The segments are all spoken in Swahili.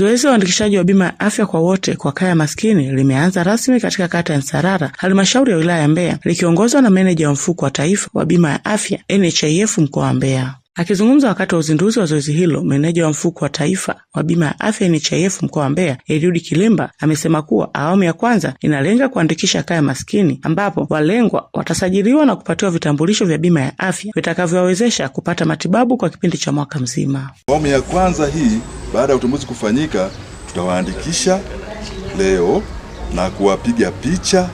Zoezi la uandikishaji wa bima ya afya kwa wote kwa kaya maskini limeanza rasmi katika kata ya Nsarara, halmashauri ya wilaya ya Mbeya, likiongozwa na meneja wa mfuko wa taifa wa bima ya afya NHIF mkoa wa Mbeya. Akizungumza wakati wa uzinduzi wa zoezi hilo, meneja wa mfuko wa taifa wa bima ya afya NHIF mkoa wa Mbeya, Eliud Kilemba amesema kuwa awamu ya kwanza inalenga kuandikisha kaya maskini, ambapo walengwa watasajiliwa na kupatiwa vitambulisho vya bima ya afya vitakavyowawezesha kupata matibabu kwa kipindi cha mwaka mzima. Awamu ya kwanza hii, baada ya utambuzi kufanyika, tutawaandikisha leo na kuwapiga picha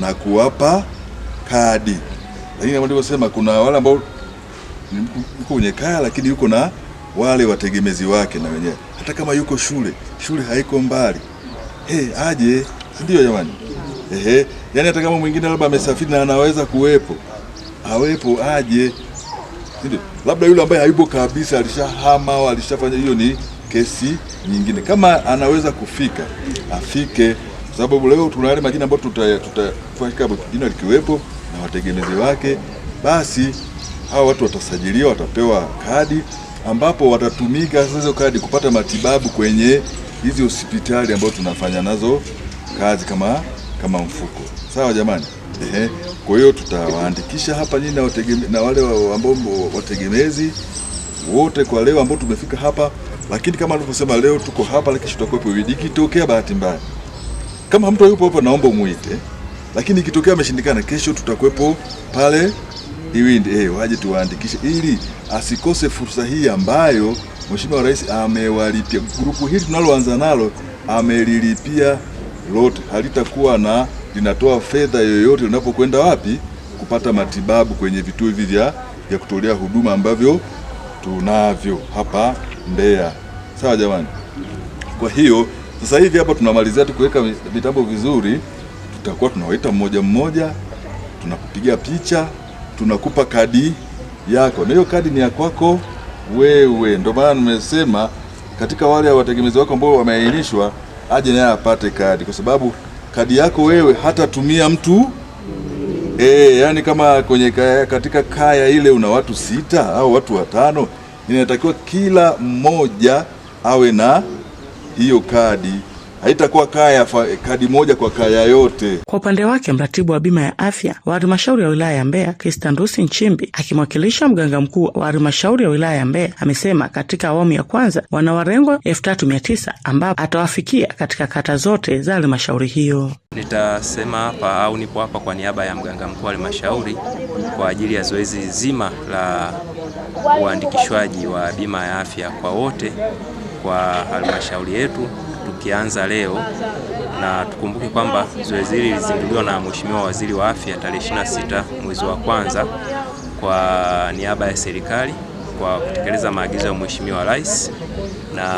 na kuwapa kadi, lakini kama nilivyosema, kuna wale ambao yuko kwenye kaya, lakini yuko na wale wategemezi wake na wenyewe, hata kama yuko shule, shule haiko mbali. Hey, aje, ndio jamani. Ehe, yani hata kama mwingine labda amesafiri na anaweza kuwepo awepo, aje, ndio labda yule ambaye hayupo kabisa, alishahama au alishafanya, hiyo ni kesi nyingine. Kama anaweza kufika afike, sababu leo tuna yale majina ambayo tutafika tuta, jina likiwepo na wategemezi wake basi hawa watu watasajiliwa, watapewa kadi ambapo watatumika sasa hizo kadi kupata matibabu kwenye hizi hospitali ambazo tunafanya nazo kazi kama, kama mfuko. Sawa jamani? Ehe. Kwa hiyo tutawaandikisha hapa nyinyi na wale ambao wategemezi wote kwa leo ambao tumefika hapa, lakini kama alivyosema leo tuko hapa, lakini kesho hivi. Ikitokea bahati mbaya kama mtu yupo hapa, naomba umuite, lakini ikitokea ameshindikana, kesho tutakuwepo pale iwi eh, waje tuwaandikishe ili asikose fursa hii ambayo Mheshimiwa Rais amewalipia grupu hili tunaloanza nalo, amelilipia lote, halitakuwa na linatoa fedha yoyote unapokwenda wapi kupata matibabu kwenye vituo hivi vya vya kutolea huduma ambavyo tunavyo hapa Mbeya. Sawa jamani. Kwa hiyo sasa hivi hapa tunamalizia tu kuweka vitabu vizuri, tutakuwa tunawaita mmoja mmoja, tunakupiga picha tunakupa kadi yako, na hiyo kadi ni ya kwako wewe. Ndio maana nimesema katika wale wategemezi wako ambao wameainishwa, aje naye apate kadi, kwa sababu kadi yako wewe hatatumia mtu E, yani kama kwenye kaya, katika kaya ile una watu sita au watu watano, inatakiwa kila mmoja awe na hiyo kadi haitakuwa kaya kadi moja kwa kaya yote. Kwa upande wake mratibu wa bima ya afya wa halmashauri ya wilaya ya Mbeya Kristandusi Nchimbi akimwakilisha mganga mkuu wa halmashauri ya wilaya ya Mbeya amesema katika awamu ya kwanza wana warengo elfu tatu mia tisa ambapo atawafikia katika kata zote za halmashauri hiyo. Nitasema hapa au nipo hapa kwa niaba ya mganga mkuu wa halmashauri kwa ajili ya zoezi zima la uandikishwaji wa bima ya afya kwa wote kwa halmashauri yetu tukianza leo, na tukumbuke kwamba zoezi hili lilizinduliwa na Mheshimiwa Waziri wa Afya tarehe 26 mwezi wa kwanza kwa niaba ya serikali kwa kutekeleza maagizo ya Mheshimiwa Rais na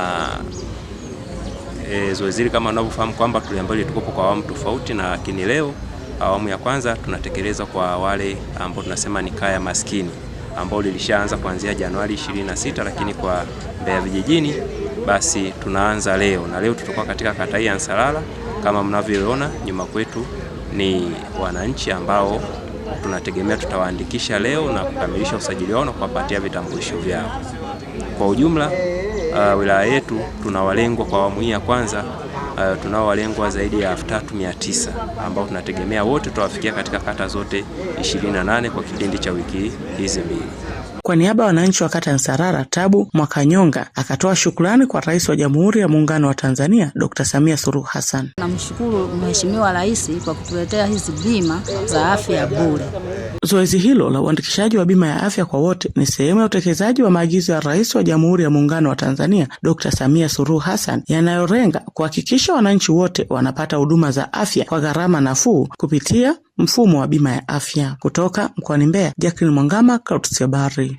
e, zoezi hili kama unavyofahamu kwamba tuliambali tukopo kwa awamu tofauti, na lakini leo awamu ya kwanza tunatekeleza kwa wale ambao tunasema ni kaya maskini ambao lilishaanza kuanzia Januari 26 lakini kwa Mbeya vijijini basi tunaanza leo na leo tutakuwa katika kata hii ya Nsalala. Kama mnavyoona nyuma kwetu ni wananchi ambao tunategemea tutawaandikisha leo na kukamilisha usajili wao na kuwapatia vitambulisho vyao. Kwa ujumla uh, wilaya yetu tunawalengwa kwa awamu hii ya kwanza uh, walengwa zaidi ya elfu tisa ambao tunategemea wote tutawafikia katika kata zote 28 kwa kipindi cha wiki hizi mbili. Kwa niaba ya wananchi wa kata Nsarara, Tabu Mwakanyonga akatoa shukrani kwa Rais wa Jamhuri ya Muungano wa Tanzania Dr. Samia Suluhu Hassan. Namshukuru Mheshimiwa Rais kwa kutuletea hizi bima za afya bure. Zoezi hilo la uandikishaji wa bima ya afya kwa wote ni sehemu ya utekelezaji wa maagizo ya Rais wa Jamhuri ya Muungano wa Tanzania Dr. Samia Suluhu Hassan yanayolenga kuhakikisha wananchi wote wanapata huduma za afya kwa gharama nafuu kupitia mfumo wa bima ya afya. Kutoka mkoani Mbeya, Jacqueline Mwangama, Clouds Habari.